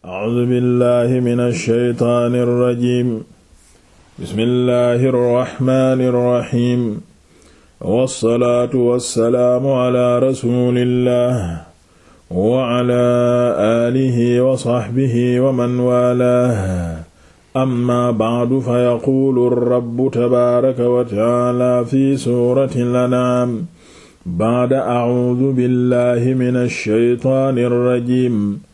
A'uuzu billaahi mina shaytaani rajiim. Bismillaahi rahmaani rahiim. Wassalaatu wassalaamu alaa rasuulillaah wa alaa aalihi wa sahbihi wa man waalaah. Ammaa ba'du fayaquulu rabbu tabaaraka wa ta'aalaa fi suuratil an'aam ba'da a'uuzu billaahi mina shaytaani rajiim.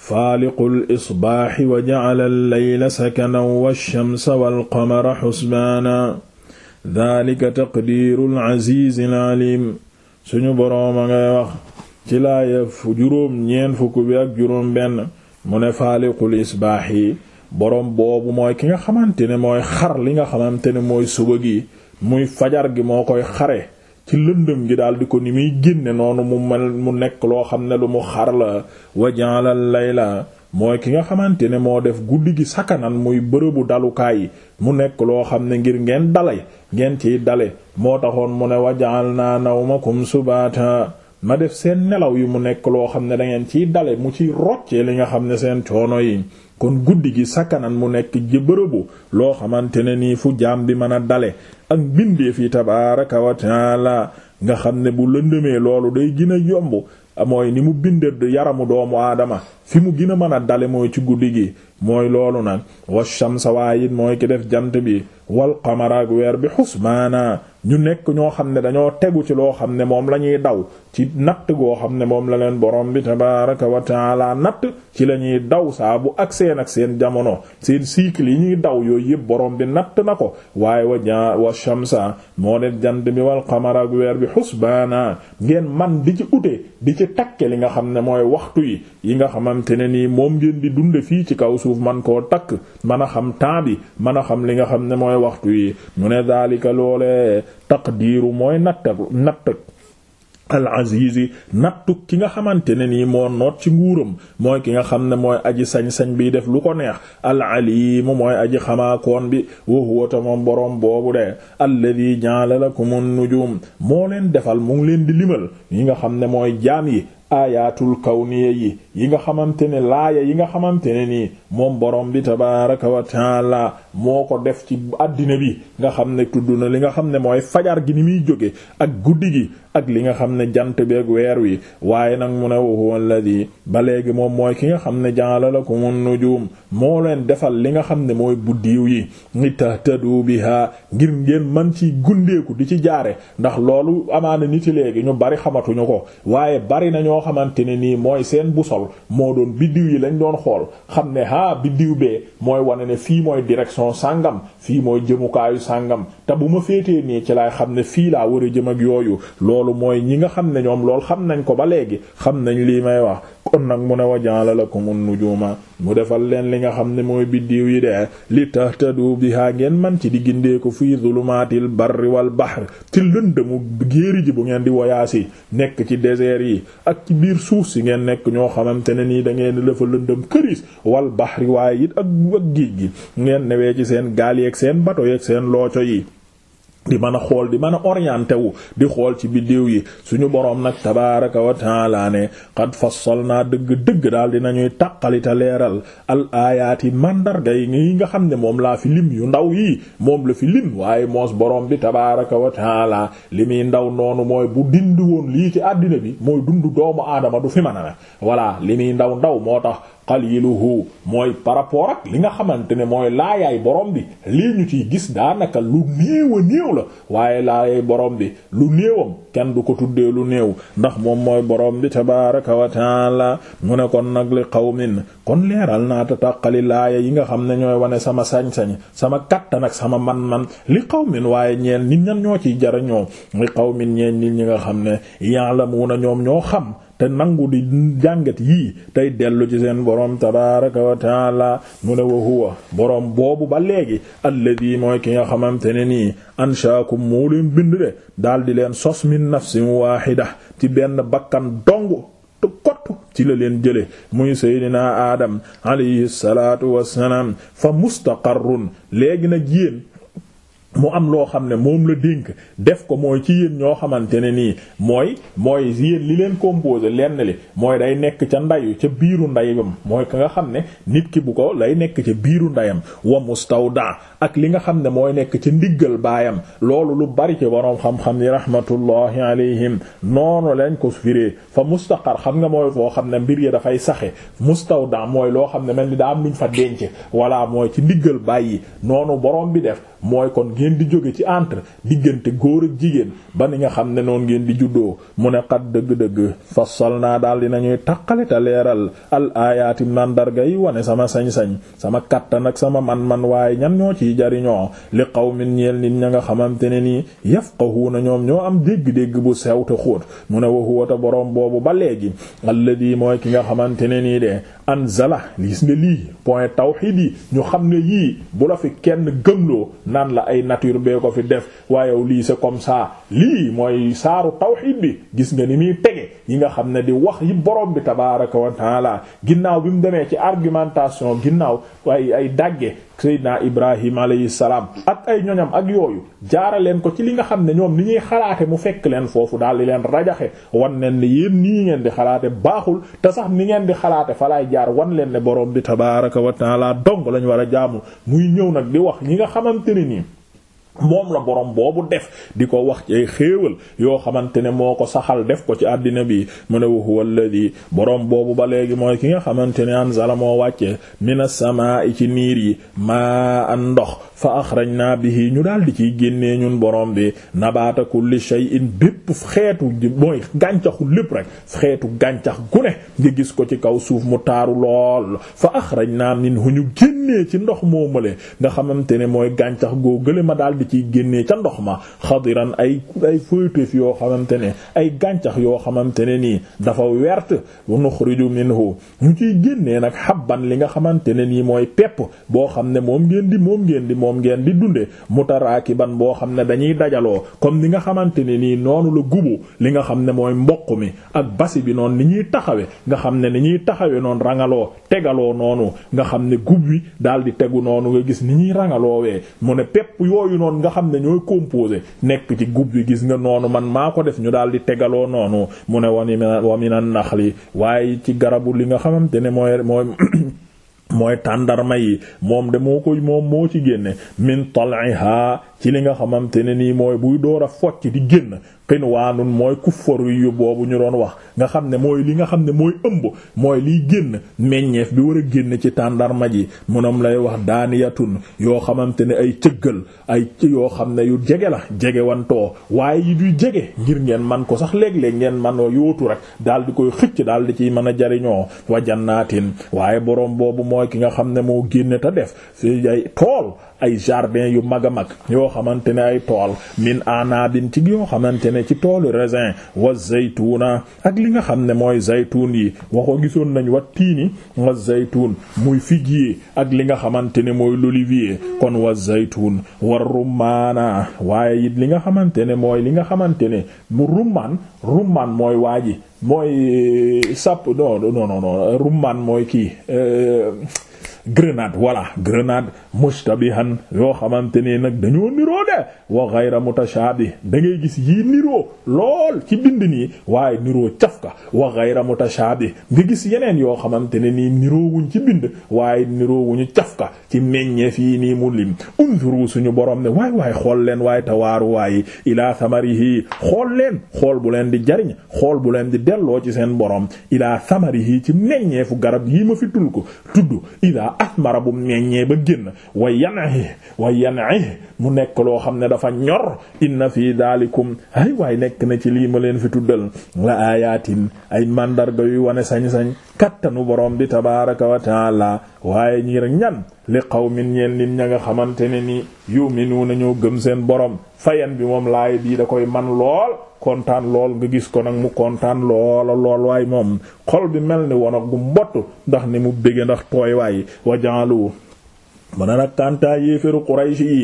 faaliqu lisbaaxi wa jacala alleyla wa walchamsa walqamara xusbaana daalika taqdiiru alcasiizi alalim suñu boroom a ngay wax ci laaya juróom ñeent fukk bi ak juróom benn mu ne faaliqul isbaax boroom boobu mooy ki nga xamante ne mooy xar li nga xamante ne mooy suba gi muy fajar gi moo koy xare ci lëndëm gi daal di ko ni muy génne noonu mu mel mu nekk loo xam ne lu mu xar la lay la mooy ki nga xamante ne moo def guddi gi sakanan muy bërëbu dalukaay yi mu nekk loo xam ne ngir ngeen dalay ngeen ciy dale moo taxoon mu ne wajal naa nawmakum subata ma def seen nelaw yi mu nekk loo xam ne dangeen ciy dale mu ciy roccee li nga xam ne seen coono yi kon guddi gi sakkanan mu nekk bërëbu loo xamante ne nii fu jaam bi mën a dale ak mbindeef yi tabaaraka wa taala nga xam ne bu lëndëmee loolu day gën a yomb mooy ni mu bindee yaramu doomu aadama fi mu gën a mën a dale mooy ci guddi gi mooy loolu nag wa shamsa waayit mooy ki def jant bi wal qamara ak weer bi xusbaana ñu nekk ñoo xam ne dañoo tegu ci loo xam ne moom la ñuy daw ci natt goo xam ne moom la leen boroom bi tabaraka wa taala natt ci la ñuy daw saa bu ak seen ak seen jamono seen cycle yi ñuy daw yooyu yëpp boroom bi natt na ko waaye wa ja wa shamsa moo ne jant bi wal qamara ak weer bi xusbaana ngeen man di ci ute di ci takke li nga xam ne mooy waxtu yi yi nga xamante ne nii moom ngeen di dunde fii ci kaw suuf man koo takk man a xam waxtu yi mu ne daalika loole taqdiiru mooy nattak nattak al azizi nattuk ki nga xamante ne nii moo noot ci nguuram mooy ki nga xam ne mooy aji sañ-sañ bi def lu ko neex al alimu mooy aji xamaakoon bi wa huwa boroom boobu de alladi ja'ala lakum an-nujum moo leen defal mu leen di limal yi nga xam ne mooy jaam yi kaw kawniya yi yi nga xamante ne laaya yi nga xamante ne nii moom boroom bi tabaaraka wa taala moo ko def ci àddina bi nga xam ne tudd na li nga xam ne mooy fajar gi ni muy jóge ak guddi gi ak li nga xam ne jant bi ak weer wi waaye nag mu ne won huwa alladhi ba léegi moom mooy ki nga xam ne ja'ala lakum an-nujum moo leen defal li nga xam ne mooy buddiw yi ngi tahtadu biha ngir ngeen man ci gundeeku di ci jaare ndax loolu amaana nit léegi ñu bari xamatuñu ko ñoo xamante ne nii mooy seen busol moo doon biddiw yi lañ doon xool xam ne ah biddiw bee mooy wane ne fii mooy direction sàngam fii mooy jëmukaayu sàngam te bu ma féetee nii ci laay xam ne fii laa war a jëm ak yooyu loolu mooy ñi nga xam ne ñoom lool xam nañu ko ba léegi xam nañ lii may wax kon nag mu ne wajaala lakumu nujuuma mu defal leen li nga xam ne mooy biddiw yi de li tahtadu biha ngeen man ci di gindee ko fii zulumaatil barri wal bahr ci lëndëmu géeri ji bu ngeen di woyaasi nekk ci désert yi ak ci biir suuf si ngeen nekk ñoo xamante ne nii da ngeen dafa lëndëm këris wal bahri waaye it ak ak gi gi ngeen newee ci seen gaal yeeg seen bato yeeg seen looco yi di mën a xool di mën a orienté wu di xool ci biddiw yi suñu boroom nag tabaraka wa taala ne sol naa dëgg-dëgg daal dinañuy tàqalita leeral al aayaati mandarga yi ngi nga xam ne moom laa fi lim yu ndaw yii moom la fi lim waaye moos boroom bi tabaraka wa taala li muy ndaw noonu mooy bu dindi woon lii ci àddina bi mooy dund doomu aadama du fi mën a ne voilà li ndaw ndaw moo tax lu qaliluhu mooy par rapport ak li nga xamante ne mooy laayaay borom bi lii ñu ciy gis daanaka lu néew a néew la waaye laayaay boroom bi lu néewam kenn du ko tuddee lu néew ndax moom mooy boroom bi tabaraka wa taala mu ne kon nag li qawmin kon leeral naa ta tàqali laaya yi nga xam ne ñooy wane sama sañ-sañ sama kattan ak sama man-man li qawmin waaye ñeen nit ñan ñoo ciy jariñoo li qawmin ñeen nit ñi nga xam ne la ya'lamuna ñoom ñoo xam te nangu di jàngat yii tey dellu ci seen borom tabaraka wa mu ne wa huwa borom boobu ba léegi alladi mooy ki nga xamante ne nii anshaakum moo leen bind de daal di leen sos min nafsin waahida ci benn bakkan dong te kottu ci la leen jële muy seydinaa aadam alayhi salaatu wassalaam fa mustaqarrun léegi nag yéen mu am loo xam ne moom la dénk def ko mooy ci yéen ñoo xamante ne nii mooy mooy yéen li leen composé lenn li mooy day nekk ca ndayu ca biiru ndayam mooy ka nga xam ne nit ki bu ko lay nekk ca biiru ndayam wa mustawda ak li nga xam ne mooy nekk ca ndiggal baayam loolu lu bari ci boroom xam-xam yi rahmatullahi alayhim noonu lañ ko firee fa mustaqar xam nga mooy foo xam ne mbir ya dafay saxe mustawda mooy loo xam ne mel ni daa am luñ fa denc walla mooy ci ndiggal baay noonu boroom bi def mooy kon ngeen di jóge ci entre diggante góor ak jigéen ba ni nga xam ne noonu ngeen di juddoo mu ne xat dëgg-dëgg sol naa daal dinañuy taqale te leeral al aayaati mandarga yi wane sama sañ-sañ sama kattan ak sama man-man waaye ñan ñoo ciy jariñoo li qawmin ñeel nit ña nga xamante ne nii yafqahuuna ñoom ñoo am dégg-dégg bu sew te xóot mu ne wa huwa boroom boobu ba léegi alladi mooy ki nga xamante ne nii de anzala gis nga lii point tawhid yi ñu xam ne yii bu kenn gëmloo naan la ay nature bee ko fi def waaye lii c'est comme ça lii mooy saaru tawxiid bi gis nga ni muy tege yi nga xam ne di wax yi boroom bi tabaaraka wa taala ginnaaw bi mu demee ci argumentation ginnaaw ay ay dagge Seydina Ibrahim alayhi salaam ak ay ñoñam ak yooyu jaaraleen ko ci li nga xam ne ñoom ni ñuy xalaate mu fekk leen foofu daal di leen rajaxe wan leen ne yéen nii ngeen di xalaate baaxul te sax ni ngeen di xalaate falaay jaar wan leen ne borom bi tabaaraka wa taala dong lañ war a jaamu muy ñëw nag di wax ñi nga xamante nii moom la borom boobu def di ko wax ci ay xéewal yoo xamante ne moo ko saxal def ko ci àddina bi mu ne wa huwa alladi borom boobu ba léegi mooy ki nga xamante ne anzala moo wàcce mina samaa'i ci niir yi maa an ndox fa bi bihi ñu daal di ciy génnee ñun borom bi li kulli shay'in bépp xeetu mooy gàncaxu lépp rek xeetu gàncax gu ne nga gis ko ci kaw suuf mu taaru lool fa axrajna minhu ñu génnee ci ndox moo male nga xamante ne mooy gàncax goo gële ma daal di ciy génnee ca ndox ma xadiran ay ay feuilletés yoo xamante ne ay gàncax yoo xamante ne nii dafa wert nuxriju minhu ñu ciy génnee nag habban li nga xamante ne nii mooy pepp boo xam ne moom ngeen di moom moom ngeen di dunde mutaraakiban boo xam ne dañuy dajaloo comme ni nga xamante ne nii noonu la gubu li nga xam ne mooy mboq mi ak basi bi noonu ni ñuy taxawe nga xam ne ni ñuy taxawe noonu rangaloo tegaloo noonu nga xam ne gub wi daal di tegu noonu nga gis ni ñuy rangaloo wee mu ne pepp yooyu noonu nga xam ne ñooy composé nekk ci gub wi gis nga noonu man maa ko def ñu daal di tegaloo noonu mu ne wani wa minan waaye ci garabu li nga xamante ne mooy mooy mooy tàndarma yi moom de moo ko moom moo ci génne min tal'iha ci li nga xamante ne nii mooy buy door a focc di génn xinwaanun mooy kuffaru yu boobu ñu doon wax nga xam ne mooy li nga xam ne mooy ëmb mooy liy génn meññeef bi war a génn ci tàndarma ji munom lay wax daaniyatun yoo xamante ne ay cëggal ay yoo xam ne yu jege la jege wantoo waaye yi du jege ngir ngeen man ko sax léeg-léeg ngeen manoo yootu rek daal di koy xëcc daal di ciy mën a jariñoo wa jannaatin waaye boroom boobu mooy ki nga xam ne moo génne ta def ay tool ay jardin yu mag a mag yoo xamante ne ay tool min anabin ci yoo xamante ne ci toolu raisin wa zaytuna ak li nga xam ne mooy zaytun yi waxoo gisoon nañ wa tiini wa zaytun muy figuier ak li nga xamante ne mooy l'olivier kon wa zaytun wa rummaana waaye it li nga xamante ne mooy li nga xamante ne mu rummaan rummaan mooy waaji mooy eh, sap non non non rummaan mooy kii eh, grenade voilà grenade mushtabihan yoo xamante ne nag dañoo niroo de wa ghayra mutashabih da ngay gis yii niroo lool ci bind nii waaye niroo cafka wa ghayra mutashabih nga gis yeneen yoo xamante ne nii niroowuñ ci bind waaye niroowuñu cafka ci meññeef yii nii mu lim unzuru suñu borom ne waaye waay xool leen waaye tawaaru waaye ilaa samarihi xool leen xool bu leen di jariñ xool bu leen di delloo ci seen borom ilaa samarihi ci meññeefu garab yi ma fi ko tudd asmara bu meññee ba génn wa yan'i wa yan'i mu nekk loo xam ne dafa ñor inna fii daalikum ay waay nekk na ci lii ma leen fi tuddal la ayatin ay màndarga yuy wane sañ-sañ kattanu boroom bi tabaraka wa taala waaye ñi rek ñan li qawmin ñeen nit ña nga xamante ne ni yu'minuuna ñoo gëm seen borom fayan bi moom laay bii da koy man lool kontaan lool nga gis ko nag mu kontaan loola lool waaye moom xol bi mel ni woon ak gu mbott ndax ni mu bëgge ndax tooy waay wajaalu mën na nag kantaa yéeféru Quraysh yi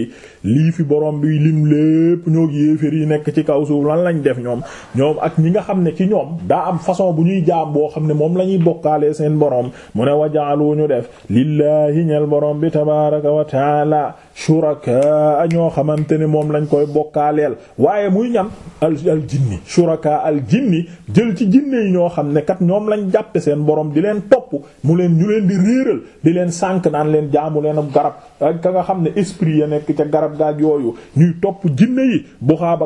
lii fi borom bi lim lépp ñoo yéefér yi nekk ci kaw suuf lan lañ def ñoom ñoom ak ñi nga xam ne ci ñoom daa am façon bu ñuy jaam boo xam ne moom la ñuy bokkaalee seen boroom mu ne wajaalu ñu def lillaahi ñel borom bi tabaaraka wa shuraka ñoo xamante ne moom lañ koy bokkaaleel waaye muy ñam al al jinni shuraka al jinni jël ci jinne yi ñoo xam ne kat ñoom lañ jàppe seen boroom di leen topp mu leen ñu leen di réeral di leen sànk naan leen jaamu leen ab garab ak ka nga xam ne esprit nekk ca garab gaag yooyu ñuy topp bu yi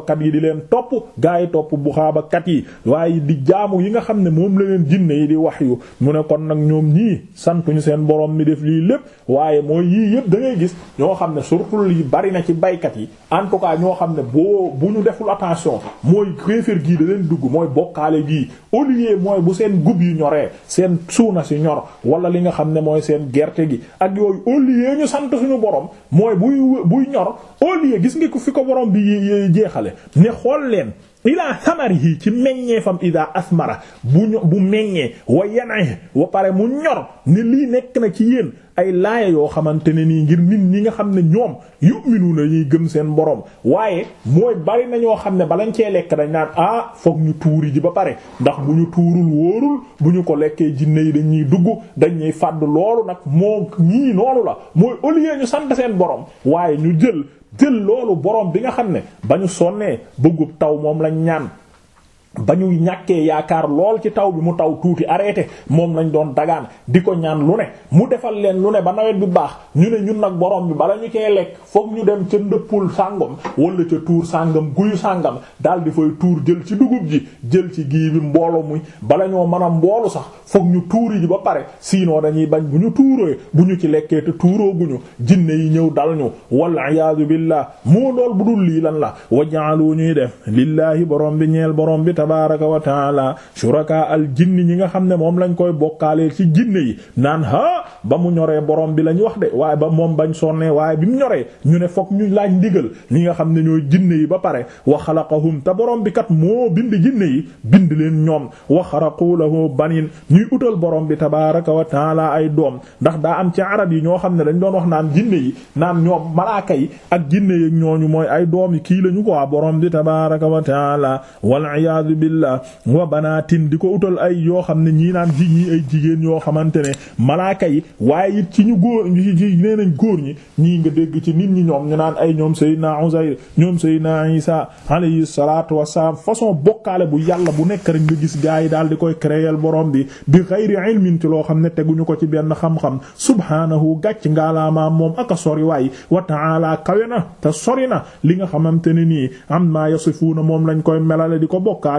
kat yi di leen topp gaa yi topp buxaabakat yi waaye di jaamu yi nga xam ne moom la leen jinne yi di wax yu mu ne kon nag ñoom ñii santuñu seen borom mi def lii lépp waaye mooy yii yëpp da gis ñoo xam ne ne surtout yi bari na ci baykat yi en tout cas ñoo xam ne boo bu ñu deful attention mooy kéefër gii da leen dugg mooy bokkaale gii au lieu mooy bu seen gub yu ñoree seen suuna si ñor wala li nga xam ne mooy seen gerte gi ak yooyu au ñu sant suñu borom mooy buy buy ñor au lieu gis nga ko fi ko borom bi jeexale ni xool leen ilaa samarihi ci meññee fam ida asmara bu ño bu meññee wa yanee wa pare mu ñor ne lii nekk na ci yéen ay laaya yoo xamante ne nii ngir nit ñi nga xam ne ñoom yu'minuuna ñuy gëm seen borom waaye mooy bari na ñoo xam ne balañ cee lekk dañ naan ah foog ñu tuuri ji ba pare ndax bu ñu tuurul wóorul bu ñu ko lekkee jinne yi dañuy dugg dañuy fàdd loolu nag moo ñii noonu la mooy au lieu ñu sant seen borom waaye ñu jël jël loolu borom bi nga xam ne ba ñu sonnee bëggub taw moom lañ ñaan ba ñu ñàkkee yaakaar lool ci taw bi mu taw tuuti arrêté moom lañ doon dagaan di ko ñaan lu ne mu defal leen lu ne ba nawet bi baax ñu ne ñun nag borom bi bala ñu koy lekk fokk ñu dem ca ndëppul sàngam wala ca tuur sàngam guyu sàngam daal di fay tuur jël ci dugub ji jël ci gii bi mboolo muy bala ñoo mën a mboolu sax fokk ñu tuuri ji ba pare siinoo dañuy bañ bu ñu tuuree bu ñu ci lekkee te tuurooguñu gu jinne yi ñëw dal ñu wal iyaadu billah moo lool bu lii lan la wajaalu ñuy def lillahi borom bi ñeel borom tabaaraka wa taala shuraka al jinni ñi nga xam ne moom lañ koy bokkaaleel ci jinne yi naan ha ba mu ñoree borom bi lañ wax de waaye ba moom bañ sonnee waaye bi ñu ñoree ñu ne fokk ñu laaj ndigal ñi nga xam ne ñooy jinne yi ba pare wax wa xalaqahum te borom bi kat moo bind jinne yi bind leen ñoom wa xaraqu lahu banin ñuy utal borom bi tabaaraka wa taala ay doom ndax daa am ci arab yi ñoo xam ne dañ doon wax naan jinne yi naan ñoo malaaka yi ak jinne ñooñu mooy ay doom kii lañu ko iyaazu billah banaatin di ko utal ay yoo xam ne ñii naan ji ñii ay jigéen yoo xamante ne malaaka yi waaye it ci ñu góor ñi nee nañ góor ñi ñi nga dégg ci nit ñi ñoom ñu naan ay ñoom Seydina Uzayr ñoom Seydina Isa alayhi salaatu wassalaam façon bokkaale bu yàlla bu nekk rek nga gis gaa yi daal di koy créer borom bi bi xayri ilmin ci loo xam ne teguñu ko ci benn xam-xam subhaanahu gàcc ngaalaamaam moom ak a sori waay wa ta'ala kawe na te sori na li nga